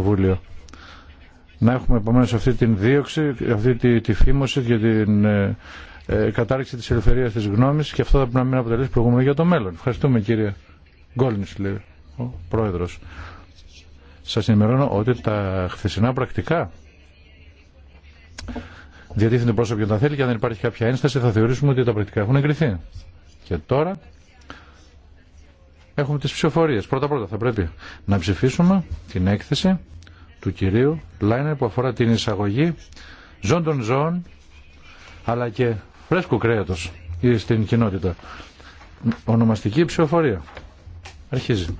Κοινοβούλιο. Να έχουμε επομένω αυτή την δίωξη, αυτή τη, τη φήμωση για την ε, ε, κατάρριξη τη ελευθερία της γνώμης και αυτό θα πρέπει να μην αποτελέσει προηγούμενο για το μέλλον. Ευχαριστούμε κύριε Γκόλνης, λέει ο πρόεδρο. Σα ενημερώνω ότι τα χθεσινά πρακτικά διατίθενται πρόσωποι τα θέλει και αν δεν υπάρχει κάποια ένσταση θα θεωρήσουμε ότι τα πρακτικά έχουν εγκριθεί. Και τώρα έχουμε τις ψηφοφορίες. Πρώτα-πρώτα θα πρέπει να ψηφίσουμε την έκθεση του κυρίου Λάινερ που αφορά την εισαγωγή ζών των ζώων αλλά και φρέσκου κρέατος στην κοινότητα. Ονομαστική ψηφοφορία. Αρχίζει.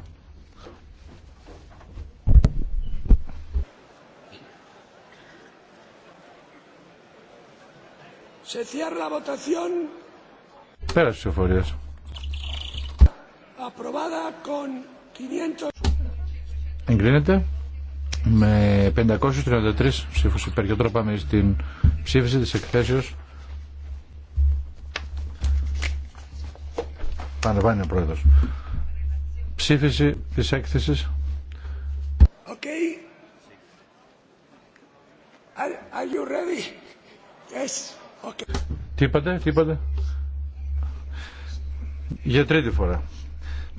Σε cierra ψηφοφορία. Εγκρίνεται με 533 ψήφους υπέρ. Και τώρα πάμε στην ψήφιση της εκθέσεως. Πάνε, πάνε ο πρόεδρος. Ψήφιση της έκθεσης. Okay. Are, you ready? Yes. Okay. Τι είπατε, τι είπατε. Για τρίτη φορά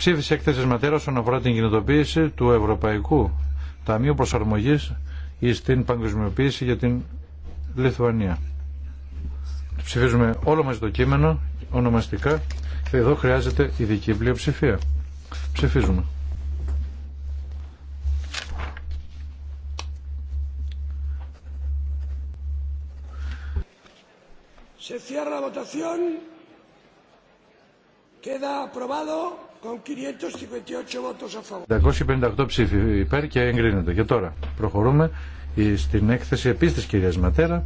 ψήφισε έκθεση ματέρα όσον αφορά την κινητοποίηση του Ευρωπαϊκού Ταμείου Προσαρμογή στην παγκοσμιοποίηση για την Λιθουανία. Ψηφίζουμε όλο μαζί το κείμενο, ονομαστικά, και εδώ χρειάζεται ειδική πλειοψηφία. Ψηφίζουμε. Se cierra la votación. Queda aprobado. 558 ψήφοι υπέρ και εγκρίνεται. Και τώρα προχωρούμε στην έκθεση επίσης κυρίας Ματέρα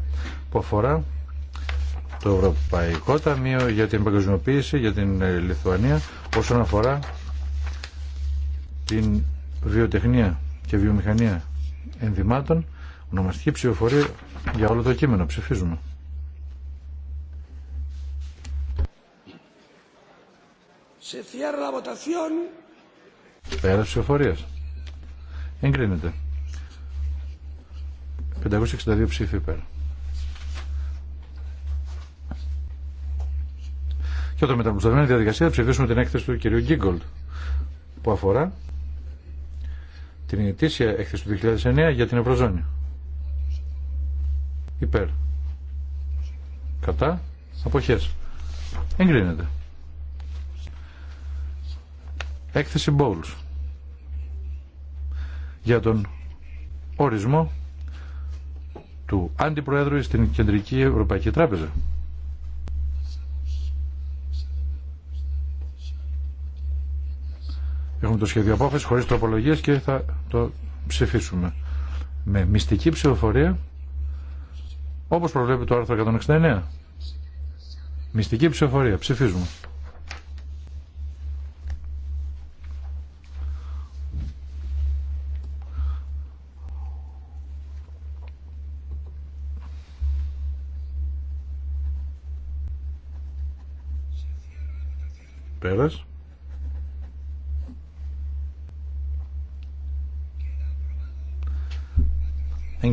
που αφορά το Ευρωπαϊκό Ταμείο για την Παγκοσμιοποίηση, για την ε, Λιθουανία όσον αφορά την βιοτεχνία και βιομηχανία ενδυμάτων ονομαστική ψηφοφορία για όλο το κείμενο. Ψηφίζουμε. Σε cierra la Εγκρίνεται. 562 ψήφοι υπέρ. Και όταν η διαδικασία θα ψηφίσουμε την έκθεση του κυρίου Γκίγκολτ που αφορά την ετήσια έκθεση του 2009 για την Ευρωζώνη. Υπέρ. Κατά. Αποχές. Εγκρίνεται. Έκθεση Bowles για τον ορισμό του Αντιπροέδρου στην Κεντρική Ευρωπαϊκή Τράπεζα. Έχουμε το σχέδιο απόφαση χωρίς τροπολογίες και θα το ψηφίσουμε με μυστική ψηφοφορία όπως προβλέπει το άρθρο 169. Μυστική ψηφοφορία. Ψηφίζουμε.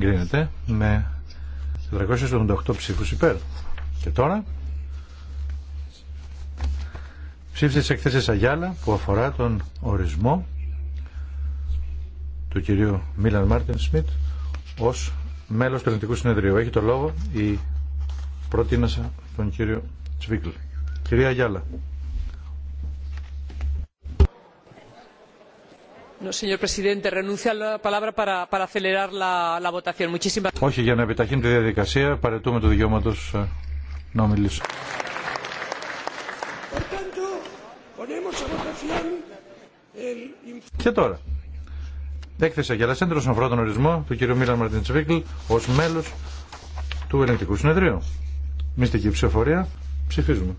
εγκρίνεται με 488 ψήφους υπέρ. Και τώρα ψήφισε τις εκθέσεις Αγιάλα που αφορά τον ορισμό του κυρίου Μίλαν Μάρτιν Σμιτ ως μέλος του Ελληνικού Συνεδρίου. Έχει το λόγο η προτείνασα τον κύριο Τσβίγκλ. Κυρία Αγιάλα. Όχι, για να επιταχύνει τη διαδικασία, παρετούμε το δικαιώματο ε, να μιλήσω. Και τώρα, έκθεση για λασέντρο όσον αφορά τον ορισμό του κ. Μίλαν Μαρτίν ω μέλο του ελεγκτικού συνεδρίου. Μυστική ψηφοφορία. Ψηφίζουμε.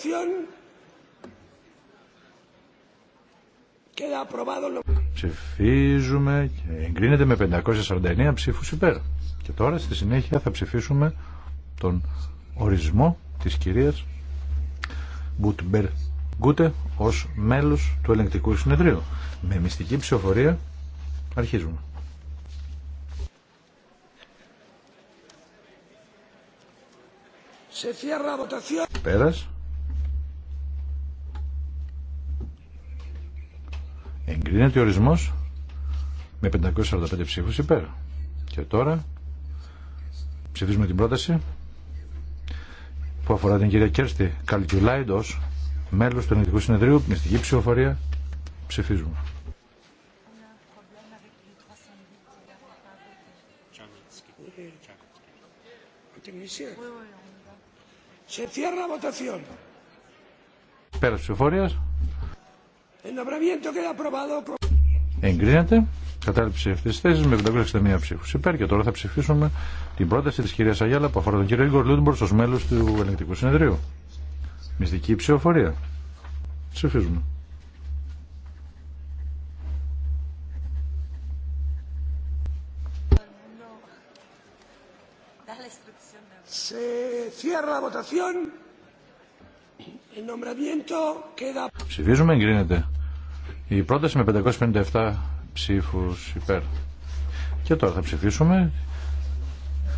votación. Ψηφίζουμε και εγκρίνεται με 549 ψήφους υπέρ. Και τώρα στη συνέχεια θα ψηφίσουμε τον ορισμό της κυρίας Μπουτμπερ Γκούτε ως μέλος του ελεγκτικού συνεδρίου. Με μυστική ψηφοφορία αρχίζουμε. Σε Πέρας. Εγκρίνεται ορισμός με 545 ψήφους υπέρ. Και τώρα ψηφίζουμε την πρόταση που αφορά την κυρία Κέρστη Καλκιουλάιντ ως μέλος του Ενεργητικού Συνεδρίου, μυστική ψηφοφορία, ψηφίζουμε. Σε ψηφοφορίας. Εγκρίνεται. Κατάληψη αυτή τη θέση με 561 ψήφου υπέρ και τώρα θα ψηφίσουμε την πρόταση τη κυρία Αγιάλα που αφορά τον κύριο Ιγκορ Λούντμπορ ω μέλο του Ελεγκτικού Συνεδρίου. Μυστική ψηφοφορία. Ψηφίζουμε. Σε Ψηφίζουμε, εγκρίνεται. Η πρόταση με 557 ψήφου υπέρ. Και τώρα θα ψηφίσουμε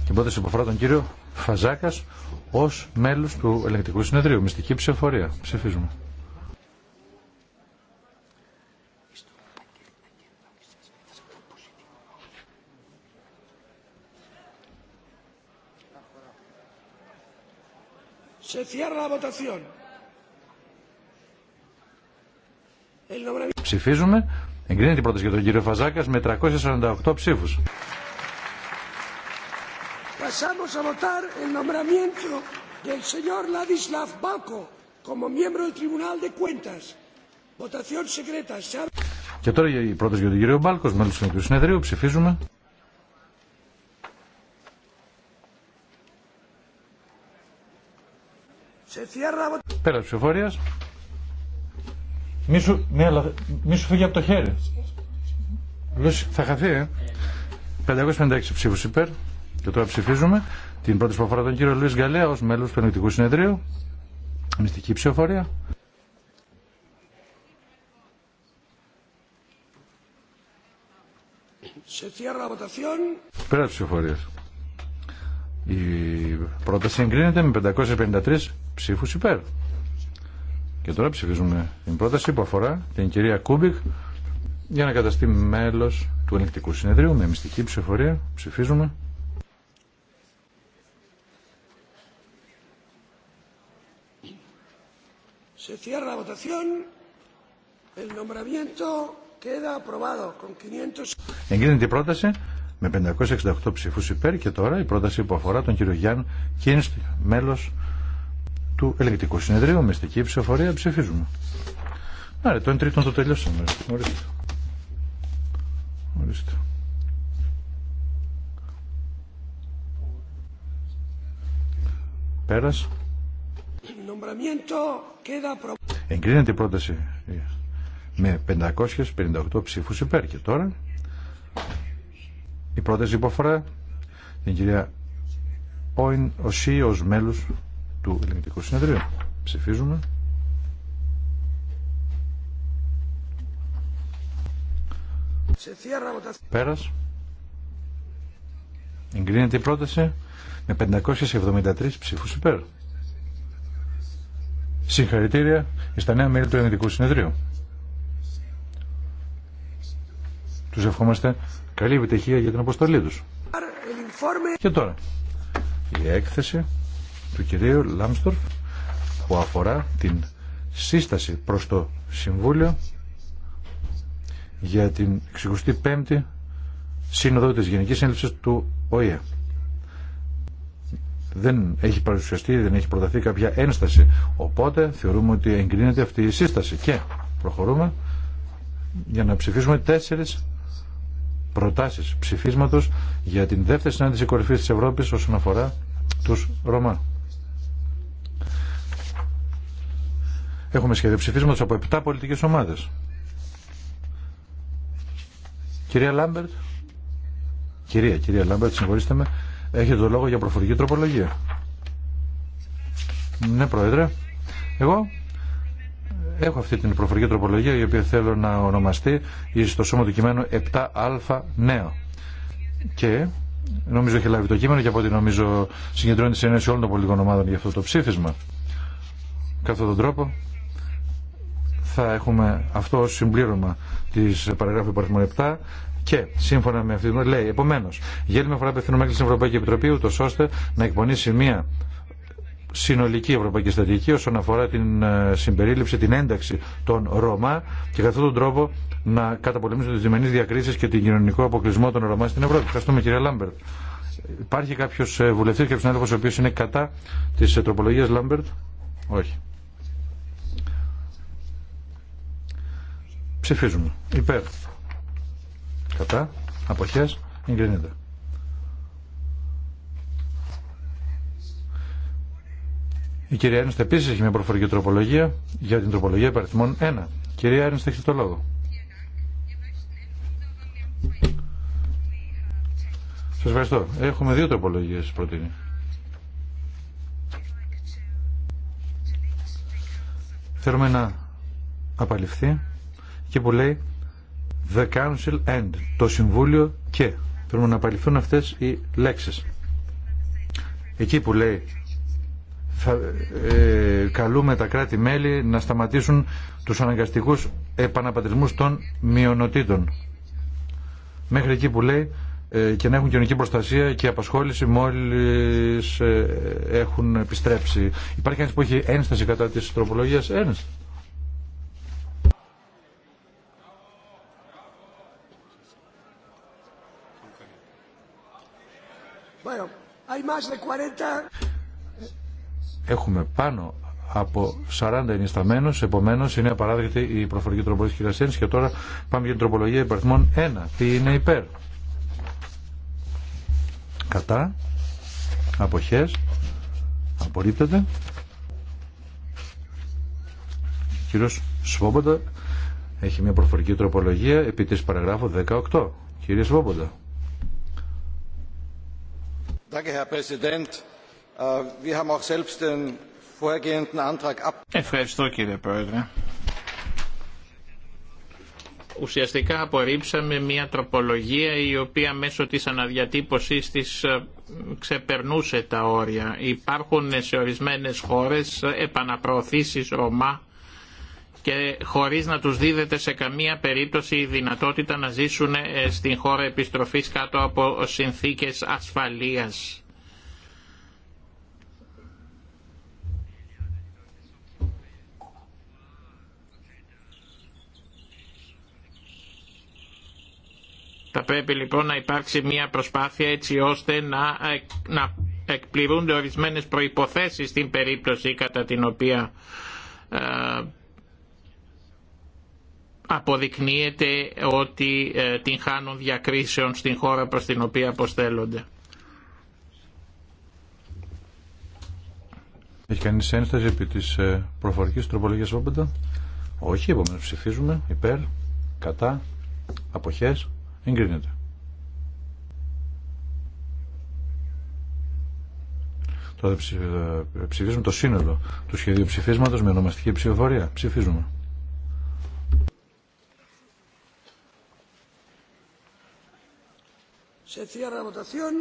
την πρόταση που αφορά τον κύριο Φαζάκα ω μέλο του ελεγκτικού συνεδρίου. Μυστική ψηφοφορία. Ψηφίζουμε. Σε cierra la votación. Ψηφίζουμε. Εγκρίνεται η πρόταση για τον κύριο Φαζάκας με 348 ψήφους. Και τώρα η πρόταση για τον κύριο Μπάλκο, μέλο του Συνεδρίου Συνεδρίου. Ψηφίζουμε. Πέρα ψηφοφορία. Μη σου, ναι, αλλά φύγει από το χέρι. θα χαθεί, ε. 556 ψήφου υπέρ. Και τώρα ψηφίζουμε την πρώτη προφορά τον κύριο Λουί Γκαλέα ω μέλο του Ενεκτικού Συνεδρίου. Μυστική ψηφοφορία. Σε Πέρα ψηφοφορία. Η πρόταση εγκρίνεται με 553 ψήφου υπέρ. Και τώρα ψηφίζουμε την πρόταση που αφορά την κυρία Κούμπικ για να καταστεί μέλος του ελεκτικού συνεδρίου με μυστική ψηφορία. Ψηφίζουμε. Se cierra votación. El nombramiento queda aprobado con 500. Εγκρίνεται η πρόταση με 568 ψηφού υπέρ και τώρα η πρόταση που αφορά τον κύριο Γιάννη Κίνστ, μέλο του ελεγκτικού συνεδρίου. Μυστική ψηφοφορία ψηφίζουμε. Άρα, το 1 τρίτο το τελειώσαμε. Ορίστε. Ορίστε. Πέρας. Εγκρίνεται η πρόταση ε, με 558 ψήφους υπέρ και τώρα η πρόταση υποφορά την κυρία Όιν Οσί ως μέλους του Ελληνικού Συνεδρίου. Ψηφίζουμε. Πέρας. Εγκρίνεται η πρόταση με 573 ψήφους υπέρ. Συγχαρητήρια στα νέα μέλη του Ελληνικού Συνεδρίου. Τους ευχόμαστε καλή επιτυχία για την αποστολή τους. Και τώρα, η έκθεση του κυρίου Λάμστορφ που αφορά την σύσταση προς το Συμβούλιο για την 65η Σύνοδο της Γενικής Συνέλευσης του ΟΗΕ. Δεν έχει παρουσιαστεί, δεν έχει προταθεί κάποια ένσταση. Οπότε θεωρούμε ότι εγκρίνεται αυτή η σύσταση. Και προχωρούμε για να ψηφίσουμε τέσσερις προτάσεις ψηφίσματος για την δεύτερη συνάντηση κορυφής της Ευρώπης όσον αφορά τους Ρωμά. Έχουμε σχέδιο ψηφίσματος από 7 πολιτικέ ομάδε. Κυρία Λάμπερτ, κυρία, κυρία Λάμπερτ, συγχωρήστε με, έχετε το λόγο για προφορική τροπολογία. Ναι, Πρόεδρε. Εγώ έχω αυτή την προφορική τροπολογία η οποία θέλω να ονομαστεί στο σώμα του κειμένου 7α νέο. Και νομίζω έχει λάβει το κείμενο και από ό,τι νομίζω συγκεντρώνει τη συνένεση όλων των πολιτικών ομάδων για αυτό το ψήφισμα. Κατά τον τρόπο θα έχουμε αυτό ως συμπλήρωμα της παραγράφου υπαρθμών 7 και σύμφωνα με αυτήν λέει επομένω, για άλλη μια φορά απευθύνω μέχρι στην Ευρωπαϊκή Επιτροπή, ούτω ώστε να εκπονήσει μια συνολική ευρωπαϊκή στρατηγική όσον αφορά την ε, συμπερίληψη, την ένταξη των Ρωμά και κατά αυτόν τον τρόπο να καταπολεμήσουν τι διμενεί διακρίσει και την κοινωνικό αποκλεισμό των Ρωμά στην Ευρώπη. Ευχαριστούμε κύριε Λάμπερτ. Υπάρχει κάποιο ε, βουλευτή, και συνάδελφο ο οποίο είναι κατά τη ε, τροπολογία Λάμπερτ. Όχι. Ψηφίζουμε. Υπέρ. Κατά. Αποχές. Εγκρίνεται. Η κυρία Ένωστα επίση έχει μια προφορική τροπολογία για την τροπολογία υπαριθμών 1. Κυρία Ένωστα, έχετε το λόγο. Σα ευχαριστώ. Έχουμε δύο τροπολογίε προτείνει. Θέλουμε να απαλληφθεί και που λέει The Council and, το Συμβούλιο και. Πρέπει να απαλληθούν αυτές οι λέξεις. Εκεί που λέει θα, ε, καλούμε τα κράτη-μέλη να σταματήσουν τους αναγκαστικούς επαναπατρισμούς των μειονοτήτων. Μέχρι εκεί που λέει ε, και να έχουν κοινωνική προστασία και απασχόληση μόλις ε, έχουν επιστρέψει. Υπάρχει ένας που έχει ένσταση κατά της τροπολογίας. Ένσταση. Έχουμε πάνω από 40 ενισταμένους, επομένως είναι απαράδεκτη η προφορική τροπολογία τη και τώρα πάμε για την τροπολογία υπαριθμών 1. Τι είναι υπέρ. Κατά. Αποχές. Απορρίπτεται. Κύριο Σβόμποντα έχει μια προφορική τροπολογία επί της παραγράφου 18. Κύριε Σβόμποντα. Ευχαριστώ κύριε Πρόεδρε. Ουσιαστικά απορρίψαμε μια τροπολογία η οποία μέσω της αναδιατύπωσής της ε, ξεπερνούσε τα όρια. Υπάρχουν σε ορισμένες χώρες επαναπροωθήσεις Ρωμά και χωρίς να τους δίδεται σε καμία περίπτωση η δυνατότητα να ζήσουν ε, στην χώρα επιστροφής κάτω από συνθήκες ασφαλείας. Θα πρέπει λοιπόν να υπάρξει μια προσπάθεια έτσι ώστε να, ε, να εκπληρούνται ορισμένες προϋποθέσεις στην περίπτωση κατά την οποία ε, αποδεικνύεται ότι ε, την χάνουν διακρίσεων στην χώρα προς την οποία αποστέλλονται. Έχει κανείς ένσταση επί της ε, προφορικής τροπολογίας Βόμπεντα. Όχι, επομένως ψηφίζουμε υπέρ, κατά, αποχές, εγκρίνεται. Τώρα ε, ψηφίζουμε το σύνολο του σχεδίου ψηφίσματος με ονομαστική ψηφοφορία. Ψηφίζουμε. Se cierra la votación.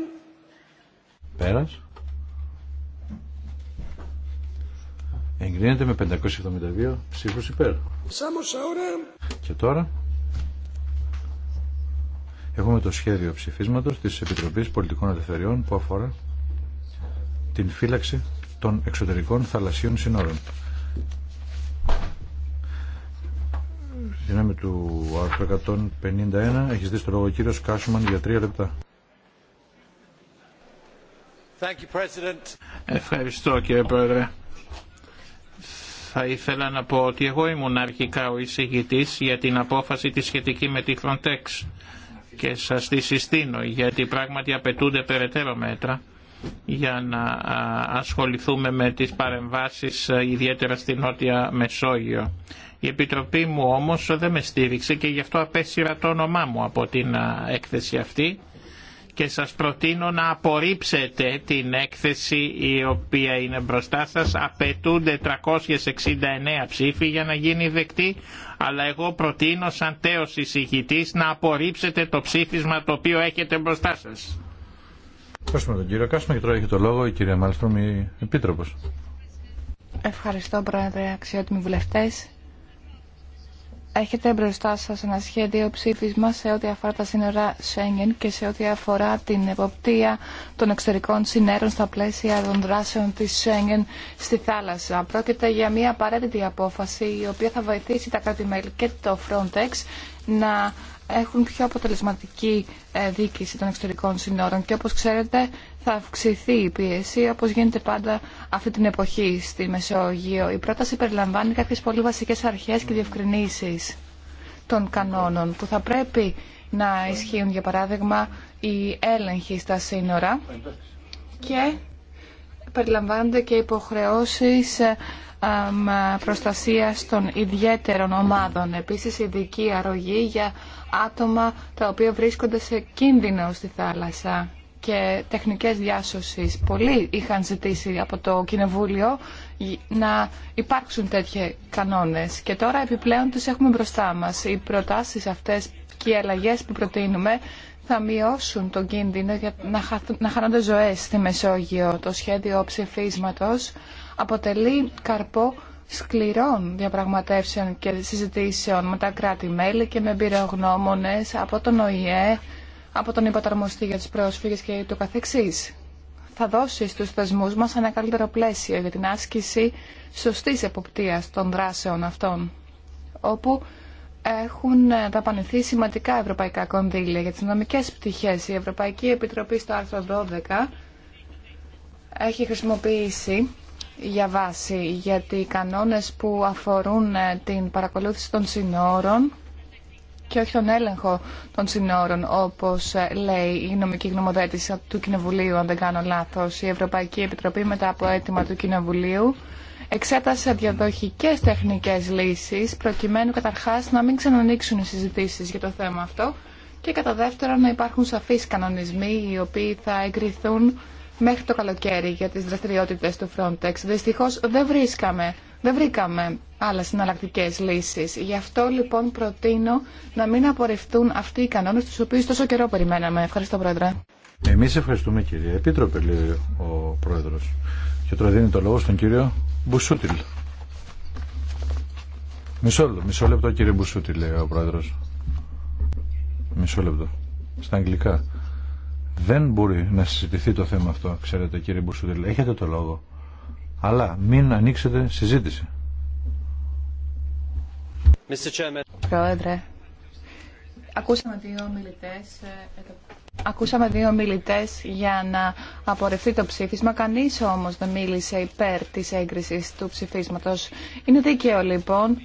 Πέρας. Εγκρίνεται με 572 ψήφους υπέρ. Και τώρα έχουμε το σχέδιο ψηφίσματος της Επιτροπής Πολιτικών Ελευθεριών που αφορά την φύλαξη των εξωτερικών θαλασσίων συνόρων. δυνάμει του άρθρου 151 έχει δει το λόγο ο κύριος Κάσουμαν για τρία λεπτά. Ευχαριστώ κύριε Πρόεδρε. Θα ήθελα να πω ότι εγώ ήμουν αρχικά ο εισηγητής για την απόφαση τη σχετική με τη Frontex και σας τη συστήνω γιατί πράγματι απαιτούνται περαιτέρω μέτρα για να ασχοληθούμε με τις παρεμβάσεις ιδιαίτερα στην Νότια Μεσόγειο. Η Επιτροπή μου όμως δεν με στήριξε και γι' αυτό απέσυρα το όνομά μου από την έκθεση αυτή και σας προτείνω να απορρίψετε την έκθεση η οποία είναι μπροστά σας. Απαιτούνται 369 ψήφοι για να γίνει δεκτή, αλλά εγώ προτείνω σαν τέος εισηγητής να απορρίψετε το ψήφισμα το οποίο έχετε μπροστά σας. Ευχαριστούμε τον κύριο Κάσμα και τώρα έχει το λόγο η κυρία Μάλστρομ, η Επίτροπος. Ευχαριστώ πρόεδρε, αξιότιμοι βουλευτές. Έχετε μπροστά σας ένα σχέδιο ψήφισμα σε ό,τι αφορά τα σύνορα Σέγγεν και σε ό,τι αφορά την εποπτεία των εξωτερικών συνέρων στα πλαίσια των δράσεων της Σέγγεν στη θάλασσα. Πρόκειται για μια απαραίτητη απόφαση η οποία θα βοηθήσει τα κράτη-μέλη και το Frontex να έχουν πιο αποτελεσματική ε, δίκηση των εξωτερικών συνόρων και όπως ξέρετε θα αυξηθεί η πίεση όπως γίνεται πάντα αυτή την εποχή στη Μεσόγειο. Η πρόταση περιλαμβάνει κάποιες πολύ βασικές αρχές και διευκρινήσεις των κανόνων που θα πρέπει να ισχύουν για παράδειγμα οι έλεγχοι στα σύνορα και περιλαμβάνονται και υποχρεώσεις ε, προστασίας των ιδιαίτερων ομάδων. Επίσης ειδική αρρωγή για άτομα τα οποία βρίσκονται σε κίνδυνο στη θάλασσα και τεχνικές διάσωσης. Πολλοί είχαν ζητήσει από το Κοινοβούλιο να υπάρξουν τέτοιοι κανόνες και τώρα επιπλέον τις έχουμε μπροστά μας. Οι προτάσεις αυτές και οι αλλαγές που προτείνουμε θα μειώσουν τον κίνδυνο για να, χαθ, να χάνονται ζωές στη Μεσόγειο. Το σχέδιο ψηφίσματος αποτελεί καρπό σκληρών διαπραγματεύσεων και συζητήσεων με τα κράτη-μέλη και με εμπειρογνώμονες από τον ΟΗΕ, από τον υποταρμοστή για τους πρόσφυγες και το καθεξής. Θα δώσει στους θεσμούς μας ένα καλύτερο πλαίσιο για την άσκηση σωστής εποπτείας των δράσεων αυτών, όπου έχουν δαπανηθεί ε, σημαντικά ευρωπαϊκά κονδύλια για τις νομικές πτυχές. Η Ευρωπαϊκή Επιτροπή στο άρθρο 12 έχει χρησιμοποιήσει για βάση γιατί οι κανόνες που αφορούν ε, την παρακολούθηση των συνόρων και όχι τον έλεγχο των συνόρων, όπως ε, λέει η νομική γνωμοδέτηση του Κοινοβουλίου, αν δεν κάνω λάθος. Η Ευρωπαϊκή Επιτροπή μετά από αίτημα του Κοινοβουλίου εξέτασε διαδοχικές τεχνικές λύσεις προκειμένου καταρχάς να μην ξανανοίξουν οι συζητήσεις για το θέμα αυτό και κατά δεύτερον να υπάρχουν σαφείς κανονισμοί οι οποίοι θα εγκριθούν μέχρι το καλοκαίρι για τις δραστηριότητες του Frontex. Δυστυχώς δεν βρίσκαμε, δεν βρήκαμε άλλες συναλλακτικέ λύσεις. Γι' αυτό λοιπόν προτείνω να μην απορριφθούν αυτοί οι κανόνες τους οποίους τόσο καιρό περιμέναμε. Ευχαριστώ Πρόεδρε. Εμείς ευχαριστούμε κύριε Επίτροπε, λέει ο Πρόεδρος. Και τώρα δίνει το λόγο στον κύριο Μπουσούτιλ. Μισό, μισό λεπτό κύριε Μπουσούτιλ, λέει ο πρόεδρος. Μισό λεπτό. Στα αγγλικά. Δεν μπορεί να συζητηθεί το θέμα αυτό, ξέρετε κύριε Μπουσούτιλ. Έχετε το λόγο. Αλλά μην ανοίξετε συζήτηση. Πρόεδρε, Ακούσαμε δύο μιλητές, ε, ακούσαμε δύο για να απορρευτεί το ψήφισμα. Κανείς όμως δεν μίλησε υπέρ της έγκρισης του ψηφίσματος. Είναι δίκαιο λοιπόν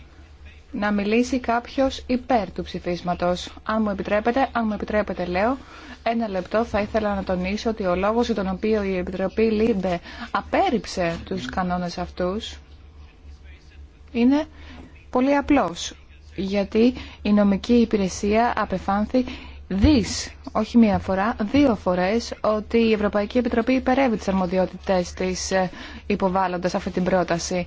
να μιλήσει κάποιος υπέρ του ψηφίσματος. Αν μου επιτρέπετε, αν μου επιτρέπετε λέω, ένα λεπτό θα ήθελα να τονίσω ότι ο λόγος για τον οποίο η Επιτροπή Λίμπε απέρριψε τους κανόνες αυτούς είναι πολύ απλός γιατί η νομική υπηρεσία απεφάνθη δις, όχι μία φορά, δύο φορές, ότι η Ευρωπαϊκή Επιτροπή υπερεύει τις αρμοδιότητες της ε, υποβάλλοντας αυτή την πρόταση.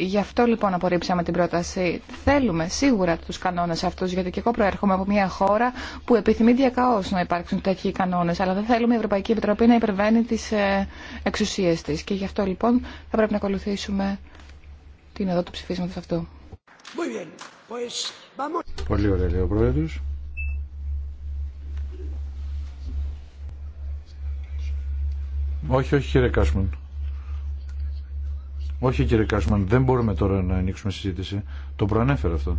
Γι' αυτό λοιπόν απορρίψαμε την πρόταση. Θέλουμε σίγουρα του κανόνε αυτού, γιατί και εγώ προέρχομαι από μια χώρα που επιθυμεί διακαώ να υπάρξουν τέτοιοι κανόνε, αλλά δεν θέλουμε η Ευρωπαϊκή Επιτροπή να υπερβαίνει τι ε, εξουσίε τη. Και γι' αυτό λοιπόν θα πρέπει να ακολουθήσουμε την εδώ του ψηφίσματο αυτού. Πολύ ωραία λέει ο Πρόεδρος. Όχι, όχι κύριε Κάσμαν. Όχι κύριε Κάσμαν, δεν μπορούμε τώρα να ανοίξουμε συζήτηση. Το προανέφερα αυτό.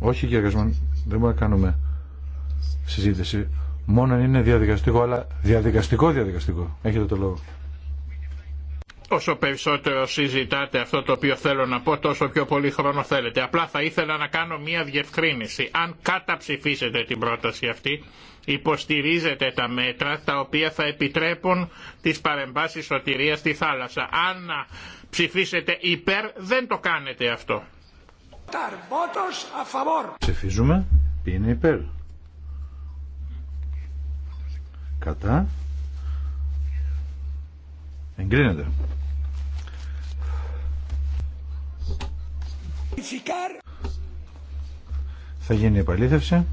Όχι κύριε Κάσμαν, δεν μπορούμε να κάνουμε συζήτηση. Μόνο είναι διαδικαστικό, αλλά διαδικαστικό διαδικαστικό. Έχετε το λόγο. Όσο περισσότερο συζητάτε αυτό το οποίο θέλω να πω, τόσο πιο πολύ χρόνο θέλετε. Απλά θα ήθελα να κάνω μία διευκρίνηση. Αν καταψηφίσετε την πρόταση αυτή, υποστηρίζετε τα μέτρα τα οποία θα επιτρέπουν τις παρεμβάσεις σωτηρίας στη θάλασσα. Αν ψηφίσετε υπέρ, δεν το κάνετε αυτό. Ψηφίζουμε. είναι υπέρ κατά εγκρίνεται θα γίνει η επαλήθευση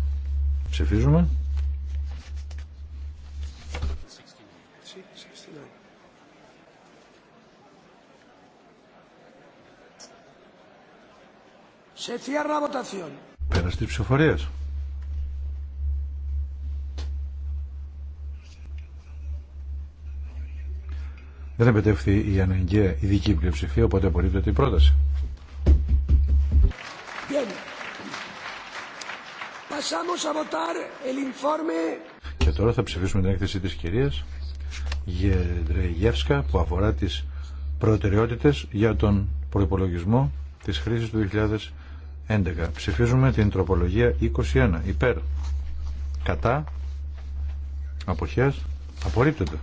ψηφίζουμε Σε cierra votación. Πέρα ψηφοφορία. δεν επιτεύχθη η αναγκαία ειδική πλειοψηφία, οπότε απορρίπτεται η πρόταση. Και τώρα θα ψηφίσουμε την έκθεση της κυρίας Γεντρεγεύσκα που αφορά τις προτεραιότητες για τον προϋπολογισμό της χρήσης του 2011. Ψηφίζουμε την τροπολογία 21. Υπέρ. Κατά. Αποχές. Απορρίπτεται.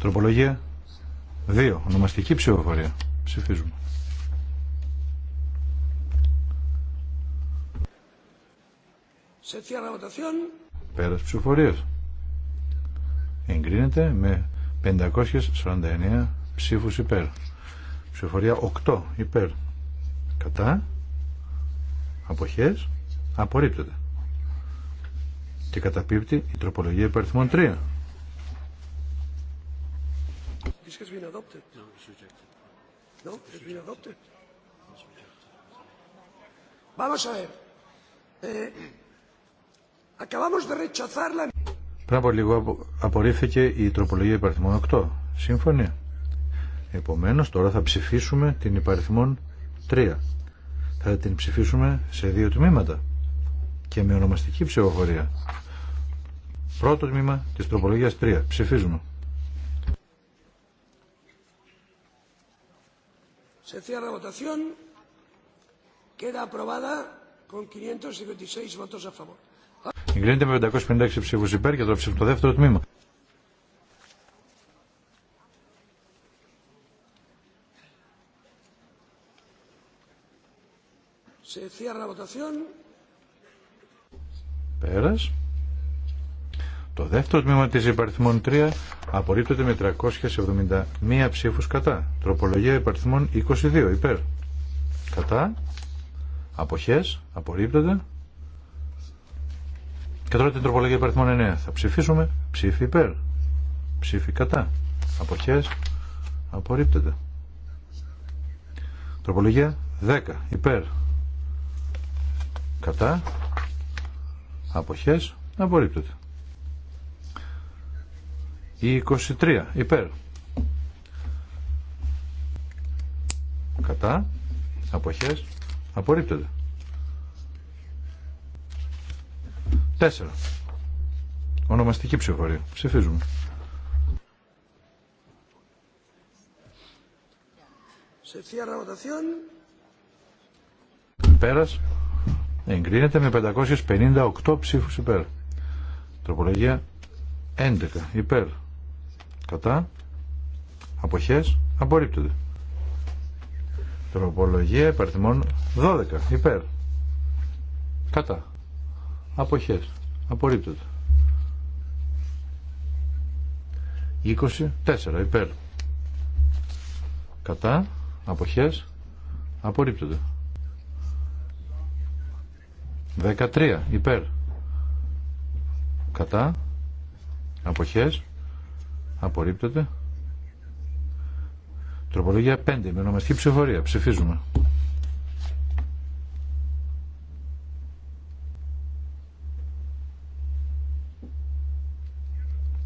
Τροπολογία 2. Ονομαστική ψηφοφορία. Ψηφίζουμε. Σε Πέρας ψηφοφορίας. Εγκρίνεται με 549 ψήφους υπέρ. Ψηφοφορία 8 υπέρ. Κατά. Αποχές. Απορρίπτεται. Και καταπίπτει η τροπολογία υπαριθμών 3. This has been adopted. No, it's rejected. No, it's acabamos de rechazar la... Πριν από λίγο απορρίφθηκε η τροπολογία υπαριθμών 8. Σύμφωνοι. Επομένως τώρα θα ψηφίσουμε την υπαριθμών 3. Θα την ψηφίσουμε σε δύο τμήματα και με ονομαστική ψηφοφορία. Πρώτο τμήμα της τροπολογίας 3. Ψηφίζουμε. Se cierra la votación. Queda aprobada con 556 votos a favor. Εγκρίνεται με 556 ψήφου υπέρ και τώρα ψήφου το δεύτερο τμήμα. Σε cierra la votación. Πέρας. Το δεύτερο τμήμα της υπαριθμών 3 απορρίπτεται με 371 ψήφους κατά. Τροπολογία υπαριθμών 22 υπέρ. Κατά. Αποχές. Απορρίπτεται. Και τώρα την τροπολογία υπαριθμών 9. Θα ψηφίσουμε ψήφι υπέρ. Ψήφι κατά. Αποχές. Απορρίπτεται. Τροπολογία 10. Υπέρ. Κατά. Αποχές. Απορρίπτεται. Η 23 υπέρ. Κατά. Αποχές. Απορρίπτεται. 4. Ονομαστική ψηφοφορία. Ψηφίζουμε. Σε Πέρας εγκρίνεται με 558 ψήφους υπέρ. Τροπολογία 11 υπέρ κατά αποχές απορρίπτονται τροπολογία υπαριθμών 12 υπέρ κατά αποχές απορρίπτονται 24 υπέρ κατά αποχές απορρίπτονται 13 υπέρ κατά αποχές Απορρίπτεται. Τροπολογία 5. Με ονομαστική ψηφορία. Ψηφίζουμε.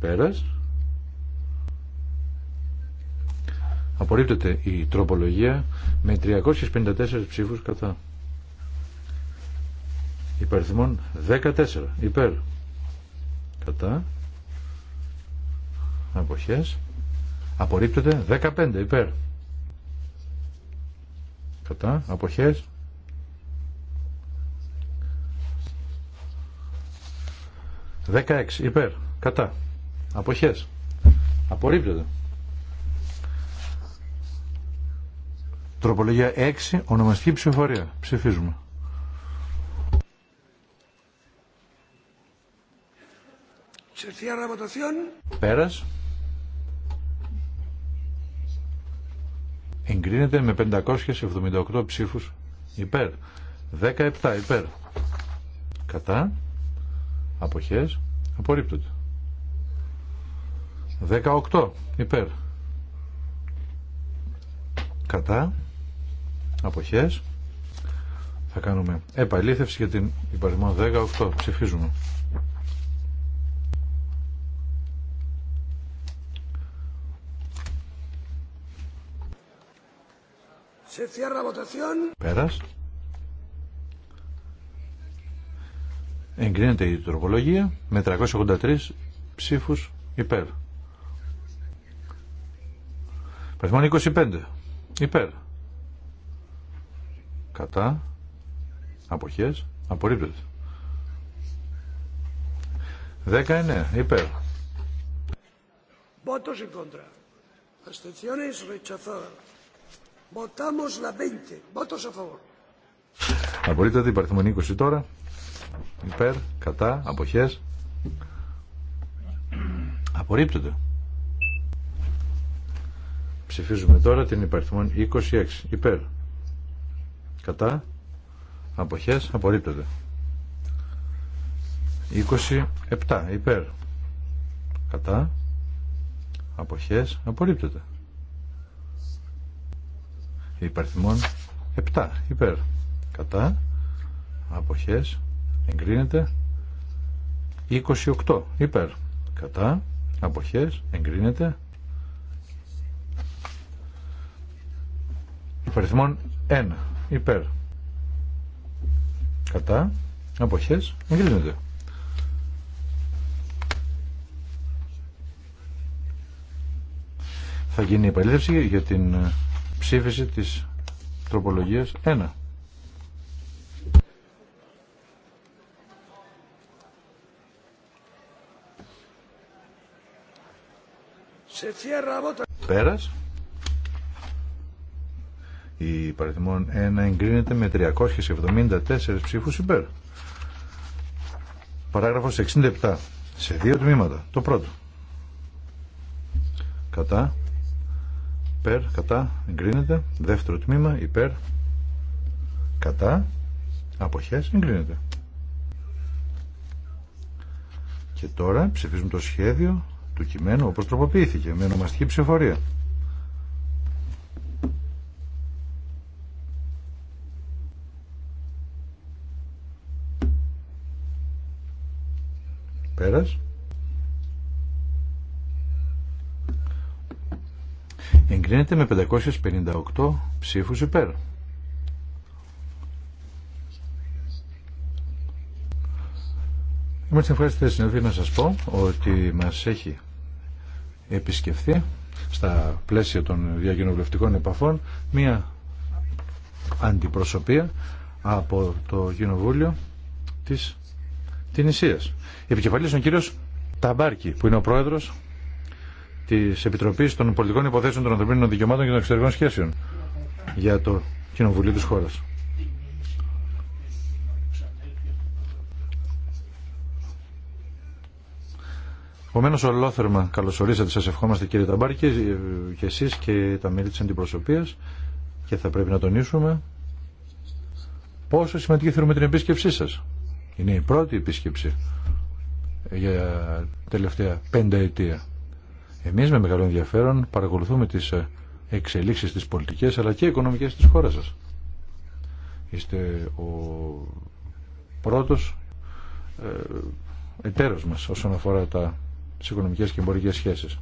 Πέρας. Απορρίπτεται η τροπολογία με 354 ψήφους κατά. Υπερθυμών 14. Υπέρ. Κατά αποχές απορρίπτεται 15 υπέρ κατά αποχές 16. υπέρ κατά αποχές απορρίπτεται τροπολογία 6 ονομαστική ψηφοφορία ψηφίζουμε Σε Πέρας. εγκρίνεται με 578 ψήφους υπέρ 17 υπέρ κατά αποχές απορρίπτονται 18 υπέρ κατά αποχές θα κάνουμε επαλήθευση για την υπαριθμό 18 ψηφίζουμε Se cierra votación. Εγκρίνεται η τροπολογία με 383 ψήφους υπέρ. Παριθμόν 25 υπέρ. Κατά. Αποχές. απορρίπτωση. 19 υπέρ. Votos en contra. Abstenciones rechazadas. Votamos la 20. Votos a favor. Απορρίτατε υπαριθμόν 20 τώρα. Υπέρ, κατά, αποχές. Απορρίπτονται. Ψηφίζουμε τώρα την υπαριθμόν 26. Υπέρ. Κατά. Αποχές. Απορρίπτονται. 27. Υπέρ. Κατά. Αποχές. Απορρίπτονται υπαριθμών 7 υπέρ κατά αποχές εγκρίνεται 28 υπέρ κατά αποχές εγκρίνεται υπαριθμών 1 υπέρ κατά αποχές εγκρίνεται θα γίνει η επαλήθευση για την ε, ψήφιση της τροπολογίας 1. Πέρας. Η παριθμόν 1 εγκρίνεται με 374 ψήφους υπέρ. Παράγραφος 67. Σε δύο τμήματα. Το πρώτο. Κατά υπέρ, κατά, εγκρίνεται. Δεύτερο τμήμα, υπέρ, κατά, αποχές, εγκρίνεται. Και τώρα ψηφίζουμε το σχέδιο του κειμένου όπως τροποποιήθηκε με ονομαστική ψηφορία. Πέρας. εγκρίνεται με 558 ψήφους υπέρ. Είμαστε ευχαριστητές συνεδρία να σας πω ότι μας έχει επισκεφθεί στα πλαίσια των διακοινοβουλευτικών επαφών μία αντιπροσωπεία από το Κοινοβούλιο της Τινησίας. Επικεφαλής ο κύριος Ταμπάρκη που είναι ο πρόεδρος τη Επιτροπή των Πολιτικών Υποθέσεων των Ανθρωπίνων Δικαιωμάτων και των Εξωτερικών Σχέσεων για το Κοινοβουλίο τη χώρα. Επομένω, ολόθερμα καλωσορίσατε. Σα ευχόμαστε κύριε Ταμπάρκη και, ε, και εσεί και τα μέλη τη αντιπροσωπεία και θα πρέπει να τονίσουμε πόσο σημαντική θεωρούμε την επίσκεψή σα. Είναι η πρώτη επίσκεψη για τελευταία πέντε αιτία εμείς με μεγάλο ενδιαφέρον παρακολουθούμε τις ε, εξελίξεις της πολιτικές αλλά και οικονομικές της χώρας σας. Είστε ο πρώτος ε, εταίρος μας όσον αφορά τα, τις οικονομικές και εμπορικές σχέσεις.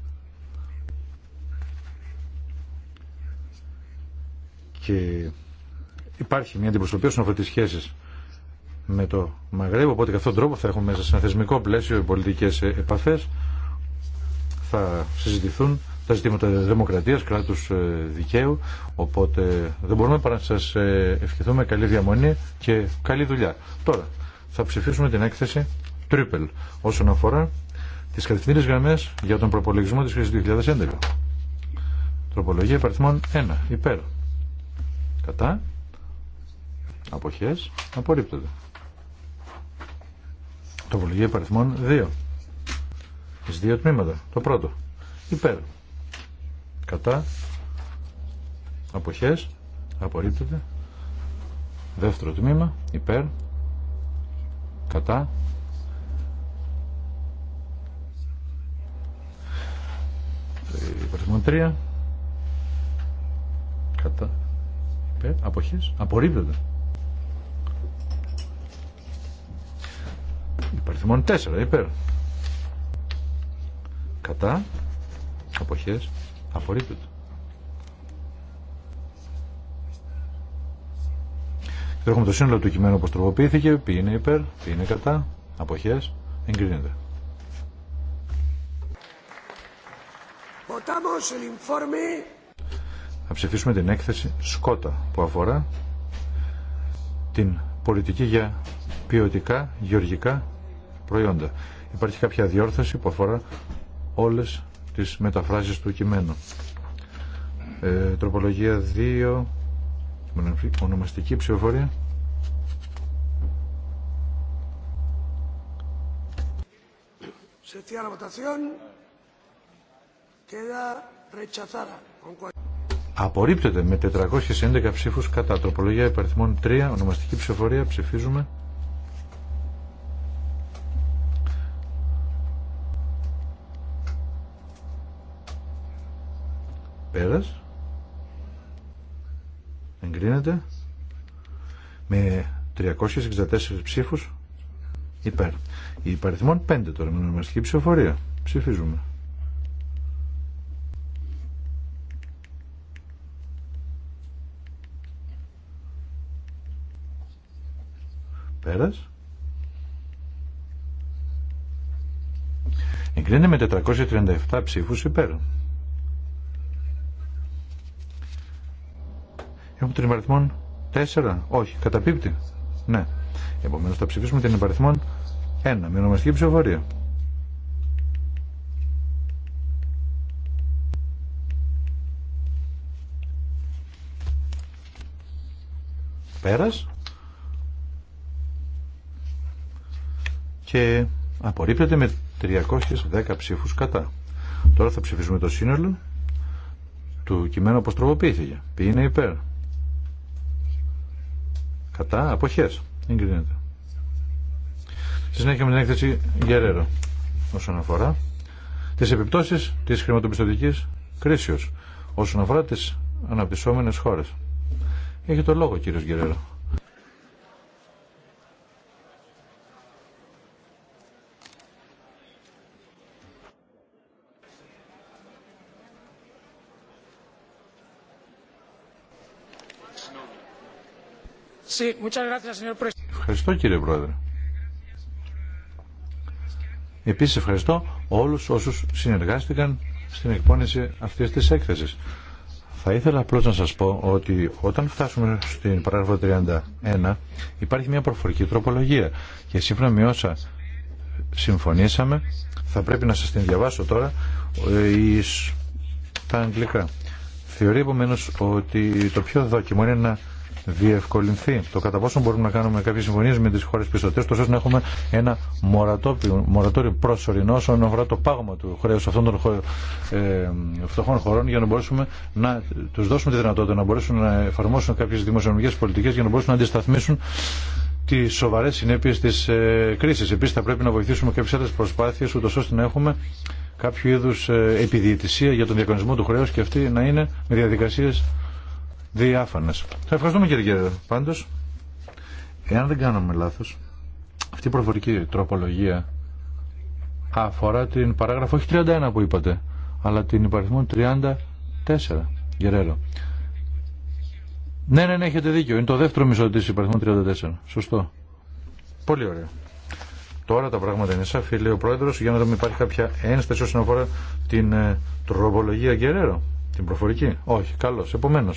Και υπάρχει μια αντιπροσωπή όσον αφορά τις σχέσεις με το Μαγρέβο, οπότε και αυτόν τον τρόπο θα έχουμε μέσα σε ένα θεσμικό πλαίσιο οι πολιτικές επαφές θα συζητηθούν τα ζητήματα δημοκρατίας, κράτους ε, δικαίου, οπότε δεν μπορούμε παρά να σας ε, ευχηθούμε καλή διαμονή και καλή δουλειά. Τώρα, θα ψηφίσουμε την έκθεση Triple όσον αφορά τις κατευθυντήρες γραμμές για τον προπολογισμό της χρήσης 2011. Τροπολογία υπαριθμών 1. Υπέρ. Κατά. Αποχές. Απορρίπτονται. Τροπολογία υπαριθμών 2. Στις δύο τμήματα. Το πρώτο. Υπέρ. Κατά. Αποχές. Απορρίπτεται. Δεύτερο τμήμα. Υπέρ. Κατά. Υπαριθμό 3. Κατά. Υπέρ. Αποχές. Απορρίπτεται. Υπαριθμόν τέσσερα, υπέρ κατά αποχές απορρίπτεται και έχουμε το σύνολο του κειμένου όπως τροποποιήθηκε ποιοι είναι υπέρ, ποιοι είναι κατά αποχές, εγκρίνεται Θα ψηφίσουμε την έκθεση Σκότα που αφορά την πολιτική για ποιοτικά γεωργικά προϊόντα. Υπάρχει κάποια διόρθωση που αφορά όλες τις μεταφράσεις του κειμένου. Ε, τροπολογία 2, ονομαστική ψηφοφορία. Απορρίπτεται με 411 ψήφους κατά τροπολογία υπαριθμών 3, ονομαστική ψηφοφορία, ψηφίζουμε. Πέρας. Εγκρίνεται. Με 364 ψήφους υπέρ. υπαριθμόν 5 τώρα με ονομαστική ψηφοφορία. Ψηφίζουμε. Πέρας. Εγκρίνεται με 437 ψήφους υπέρ. Έχουμε τον υπαριθμόν 4. Όχι, καταπίπτει. Ναι. Επομένω θα ψηφίσουμε την υπαριθμό 1. Με ψηφοφορία. Πέρας και απορρίπτεται με 310 ψήφους κατά. Τώρα θα ψηφίσουμε το σύνολο του κειμένου όπως τροποποιήθηκε. Ποιοι είναι υπέρ. Κατά. Αποχές. Εγκρίνεται. Στη συνέχεια με την έκθεση Γερέρο όσον αφορά τις επιπτώσεις τη χρηματοπιστωτική κρίσεω, όσον αφορά τι αναπτυσσόμενε χώρε. Έχει το λόγο κύριο Γερέρο. Ευχαριστώ κύριε Πρόεδρε. Επίσης ευχαριστώ όλους όσους συνεργάστηκαν στην εκπόνηση αυτής της έκθεσης. Θα ήθελα απλώς να σας πω ότι όταν φτάσουμε στην παράγραφο 31 υπάρχει μια προφορική τροπολογία και σύμφωνα με όσα συμφωνήσαμε θα πρέπει να σας την διαβάσω τώρα ε, εις τα αγγλικά. Θεωρεί επομένω ότι το πιο δόκιμο είναι να διευκολυνθεί. Το κατά πόσο μπορούμε να κάνουμε κάποιε συμφωνίε με τι χώρε πιστωτέ, τόσο ώστε να έχουμε ένα μορατόριο προσωρινό όσον αφορά το πάγωμα του χρέου αυτών των ε, φτωχών χωρών, για να μπορέσουμε να του δώσουμε τη δυνατότητα να μπορέσουν να εφαρμόσουν κάποιε δημοσιονομικέ πολιτικέ για να μπορέσουν να αντισταθμίσουν τι σοβαρέ συνέπειε τη ε, κρίση. Επίση, θα πρέπει να βοηθήσουμε κάποιε άλλε προσπάθειε, ούτω ώστε να έχουμε κάποιο είδου ε, επιδιαιτησία για τον διακονισμό του χρέου και αυτή να είναι με διαδικασίε διάφανες. Θα ευχαριστούμε κύριε κύριε Πάντως, εάν δεν κάνουμε λάθος, αυτή η προφορική τροπολογία αφορά την παράγραφο όχι 31 που είπατε, αλλά την υπαριθμό 34. Γερέρο. Ναι, ναι, ναι, έχετε δίκιο. Είναι το δεύτερο μισό της υπαριθμό 34. Σωστό. Πολύ ωραίο. Τώρα τα πράγματα είναι σαφή, λέει ο πρόεδρος, για να δούμε υπάρχει κάποια ένσταση όσον αφορά την ε, τροπολογία Γερέρο. Την προφορική. Όχι, καλώς. επομένω.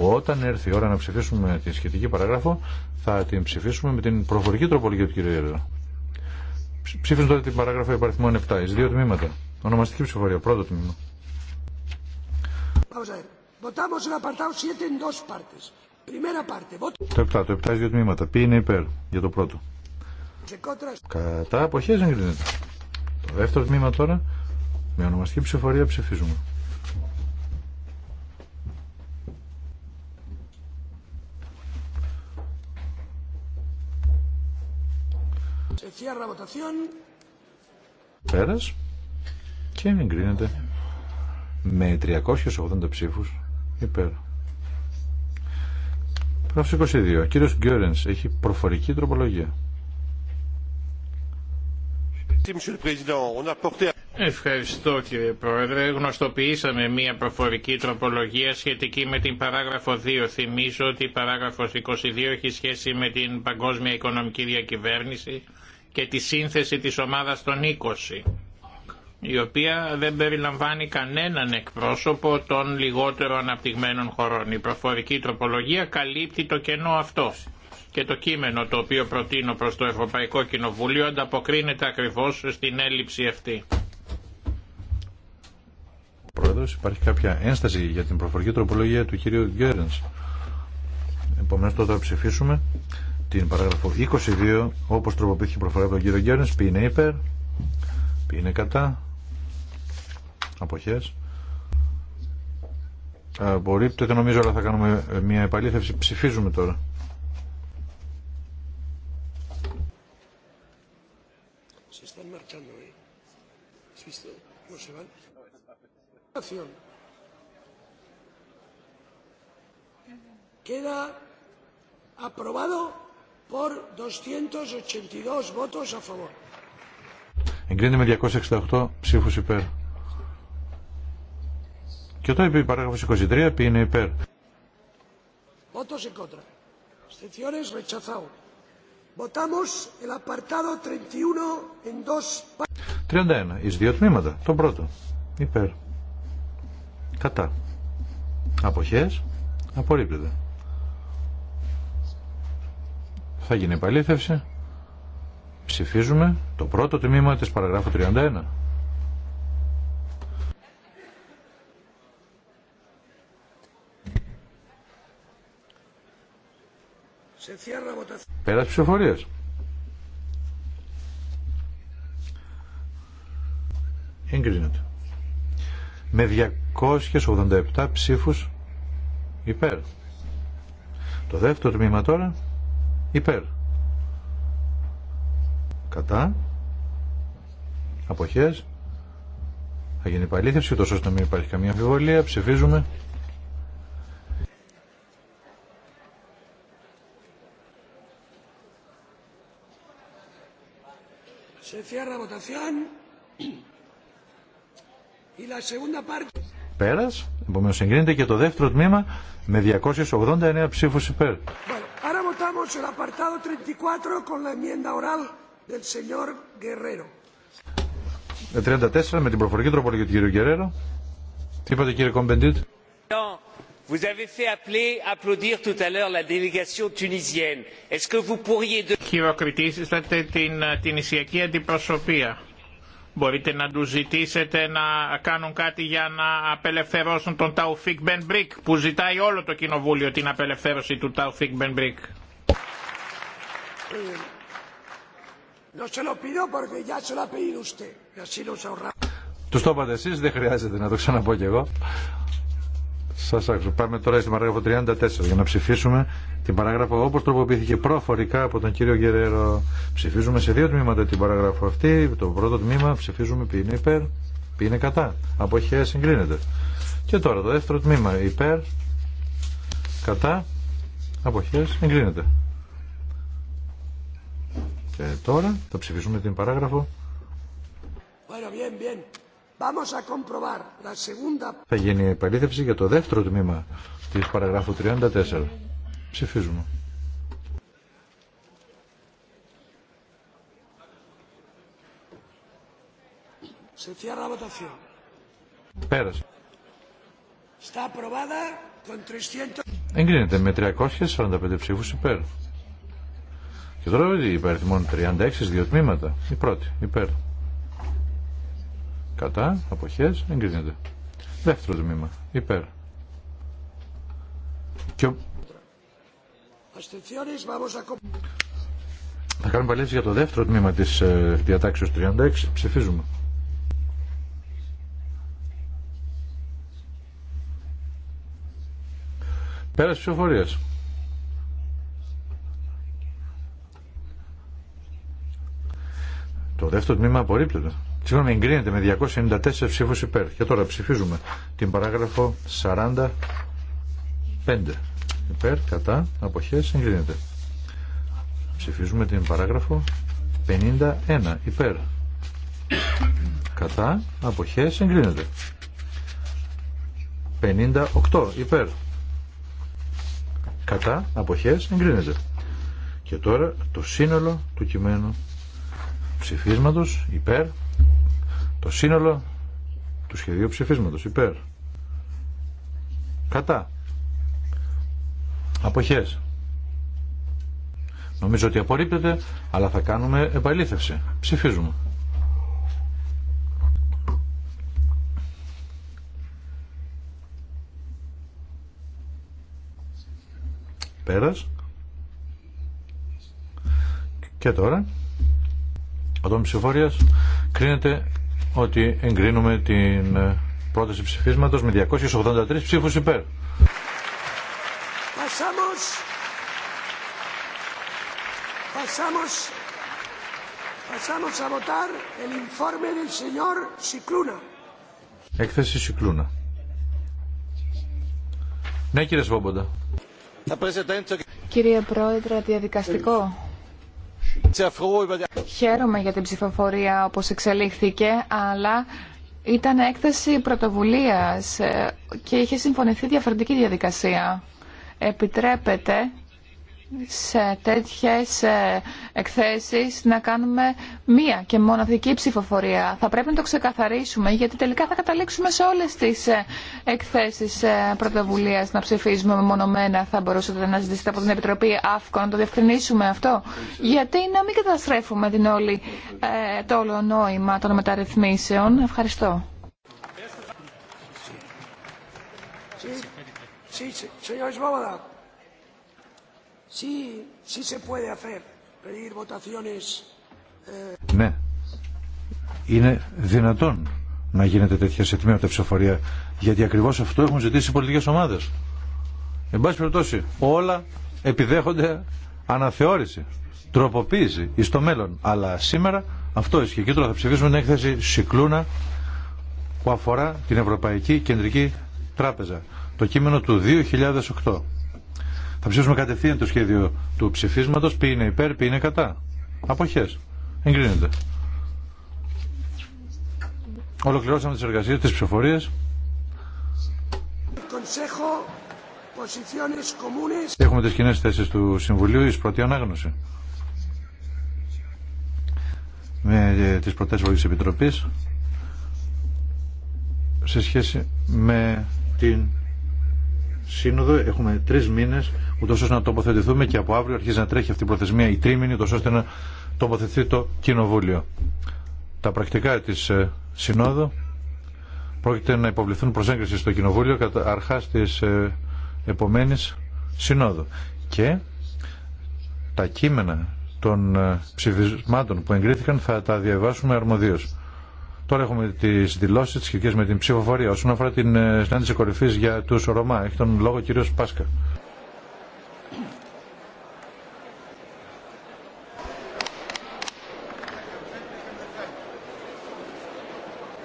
Όταν έρθει η ώρα να ψηφίσουμε τη σχετική παράγραφο, θα την ψηφίσουμε με την προφορική τροπολογία του κ. Ιερέρα. Ψήφισε τώρα την παράγραφο υπαριθμών 7, εις δύο τμήματα. Ονομαστική ψηφοφορία, πρώτο τμήμα. Το 7, το 7 εις δύο τμήματα. Ποιοι είναι υπέρ για το πρώτο. Κατά αποχές εγκρίνεται. Το δεύτερο τμήμα τώρα, με ονομαστική ψηφοφορία ψηφίζουμε. Πέρας και εγκρίνεται με 380 ψήφους υπέρ. Πράγμα 22. Ο κύριος Γκέρενς έχει προφορική τροπολογία. Ευχαριστώ κύριε Πρόεδρε. Γνωστοποιήσαμε μία προφορική τροπολογία σχετική με την παράγραφο 2. Θυμίζω ότι η παράγραφος 22 έχει σχέση με την παγκόσμια οικονομική διακυβέρνηση και τη σύνθεση της ομάδας των 20 η οποία δεν περιλαμβάνει κανέναν εκπρόσωπο των λιγότερο αναπτυγμένων χωρών. Η προφορική τροπολογία καλύπτει το κενό αυτό και το κείμενο το οποίο προτείνω προς το Ευρωπαϊκό Κοινοβούλιο ανταποκρίνεται ακριβώς στην έλλειψη αυτή. Πρόεδρος, υπάρχει κάποια ένσταση για την προφορική τροπολογία του κ. Γκέρενς. Επομένως, τότε θα ψηφίσουμε την παράγραφο 22 όπως τροποποιήθηκε προφορά από τον κύριο Γκέρνης ποιοι είναι υπέρ ποιοι είναι κατά αποχές απορρίπτεται νομίζω αλλά θα κάνουμε μια επαλήθευση ψηφίζουμε τώρα ¿eh? Queda aprobado por 282 votos a favor. με 268 ψήφους υπέρ. Και όταν είπε η παράγραφος 23 πει είναι υπέρ. Votos en contra. Abstenciones rechazado. Votamos el apartado 31 en dos 31. Εις δύο τμήματα. Το πρώτο. Υπέρ. Κατά. Αποχές. Απορρίπτεται θα γίνει επαλήθευση. Ψηφίζουμε το πρώτο τμήμα της παραγράφου 31. Πέρας ψηφοφορίας. Εγκρίνεται. Με 287 ψήφους υπέρ. Το δεύτερο τμήμα τώρα Υπέρ. Κατά. Αποχές. Θα γίνει Τόσο ούτως ώστε να μην υπάρχει καμία αμφιβολία. Ψηφίζουμε. Σε φιέρα βοτασιόν Πέρας, επομένως συγκρίνεται και το δεύτερο τμήμα με 289 ψήφους υπέρ. Votamos el 34 34 με την προφορική τροπολογία του κύριου Γκερέρο. Τι είπατε κύριε Vous avez την Μπορείτε να του ζητήσετε να κάνουν κάτι για να απελευθερώσουν τον Ταουφίκ Μπεν που ζητάει όλο το κοινοβούλιο την απελευθέρωση του Ταουφίκ Ehm, Του το είπατε εσεί, δεν χρειάζεται να το ξαναπώ κι εγώ. Σα άκουσα. Πάμε τώρα στην παράγραφο 34 για να ψηφίσουμε την παράγραφο όπω τροποποιήθηκε προφορικά από τον κύριο Γκερέρο. Ψηφίζουμε σε δύο τμήματα την παράγραφο αυτή. Το πρώτο τμήμα ψηφίζουμε ποιοι είναι υπέρ, ποιοι είναι κατά. Από χέρια συγκρίνεται. Και τώρα το δεύτερο τμήμα υπέρ, κατά, από χέρια συγκρίνεται. Και τώρα θα ψηφίσουμε την παράγραφο. Bueno, bien, bien. Vamos a comprobar la segunda... Θα γίνει η επαλήθευση για το δεύτερο τμήμα της παραγράφου 34. Ψηφίζουμε. Σε cierra Πέρασε. Está aprobada 300... Εγκρίνεται με 345 ψήφους υπέρ. Και τώρα υπάρχει μόνο 36 δύο τμήματα. Η πρώτη, υπέρ. Κατά, αποχές, εγκρίνεται. Δεύτερο τμήμα, υπέρ. Και... Θα κάνουμε παλέψη για το δεύτερο τμήμα της ε, διατάξεως 36. Ψηφίζουμε. Πέρασε ψηφοφορίας. Το δεύτερο τμήμα απορρίπτεται. Συγγνώμη, εγκρίνεται με 294 ψήφους υπέρ. Και τώρα ψηφίζουμε την παράγραφο 45. Υπέρ, κατά, αποχέ, εγκρίνεται. Ψηφίζουμε την παράγραφο 51. Υπέρ. Κατά, αποχέ, εγκρίνεται. 58. Υπέρ. Κατά, αποχές, εγκρίνεται. Και τώρα το σύνολο του κειμένου ψηφίσματος υπέρ το σύνολο του σχεδίου ψηφίσματος υπέρ κατά αποχές νομίζω ότι απορρίπτεται αλλά θα κάνουμε επαλήθευση ψηφίζουμε πέρας και τώρα Ατόμη ψηφορία κρίνεται ότι εγκρίνουμε την ε, πρόταση ψηφίσματος με 283 ψήφους υπέρ. a votar el informe Έκθεση Σικλούνα. Ναι, κύριε Σβόμποντα. Κύριε Πρόεδρε, διαδικαστικό. Χαίρομαι για την ψηφοφορία όπως εξελίχθηκε, αλλά ήταν έκθεση πρωτοβουλίας ε, και είχε συμφωνηθεί διαφορετική διαδικασία. Επιτρέπεται σε τέτοιες εκθέσεις να κάνουμε μία και μοναδική ψηφοφορία. Θα πρέπει να το ξεκαθαρίσουμε γιατί τελικά θα καταλήξουμε σε όλες τις εκθέσεις πρωτοβουλίας να ψηφίζουμε μονομένα. Θα μπορούσατε να ζητήσετε από την Επιτροπή ΑΦΚΟ να το διευκρινίσουμε αυτό. Γιατί να μην καταστρέφουμε την όλη, το όλο νόημα των μεταρρυθμίσεων. Ευχαριστώ. Eh. Ναι. Είναι δυνατόν να γίνεται τέτοια σε τμήματα ψηφοφορία. Γιατί ακριβώ αυτό έχουν ζητήσει οι πολιτικέ ομάδε. Εν πάση περιπτώσει, όλα επιδέχονται αναθεώρηση, τροποποίηση ει το μέλλον. Αλλά σήμερα αυτό ισχύει. Και τώρα θα ψηφίσουμε την έκθεση Σικλούνα που αφορά την Ευρωπαϊκή Κεντρική Τράπεζα. Το κείμενο του 2008. Θα ψηφίσουμε κατευθείαν το σχέδιο του ψηφίσματος. Ποιοι είναι υπέρ, ποιοι είναι κατά. αποχέ. Εγκρίνεται. Ολοκληρώσαμε τις εργασίες, τις ψηφοφορίε. Έχουμε τις κοινέ θέσει του Συμβουλίου ει πρώτη ανάγνωση. Με ε, τις προτάσει τη Επιτροπής σε σχέση με την σύνοδο. Έχουμε τρει μήνε, ούτω ώστε να τοποθετηθούμε και από αύριο αρχίζει να τρέχει αυτή η προθεσμία η τρίμηνη, ούτω ώστε να τοποθετηθεί το Κοινοβούλιο. Τα πρακτικά τη ε, Συνόδου πρόκειται να υποβληθούν προ έγκριση στο Κοινοβούλιο κατά αρχά τη ε, επομένη Συνόδου. Και τα κείμενα των ε, ψηφισμάτων που εγκρίθηκαν θα τα διαβάσουμε αρμοδίως. Τώρα έχουμε τι δηλώσει τη σχετικέ με την ψηφοφορία. Όσον αφορά την ε, συνάντηση κορυφή για του Ρωμά, έχει τον λόγο κύριο Πάσκα.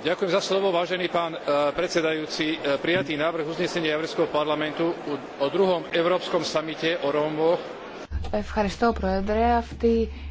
Ďakujem za slovo, vážený pán e, predsedajúci. E, prijatý návrh uznesenia Európskeho parlamentu o druhom Európskom samite o Rómoch. Ευχαριστώ, Πρόεδρε. Αυτή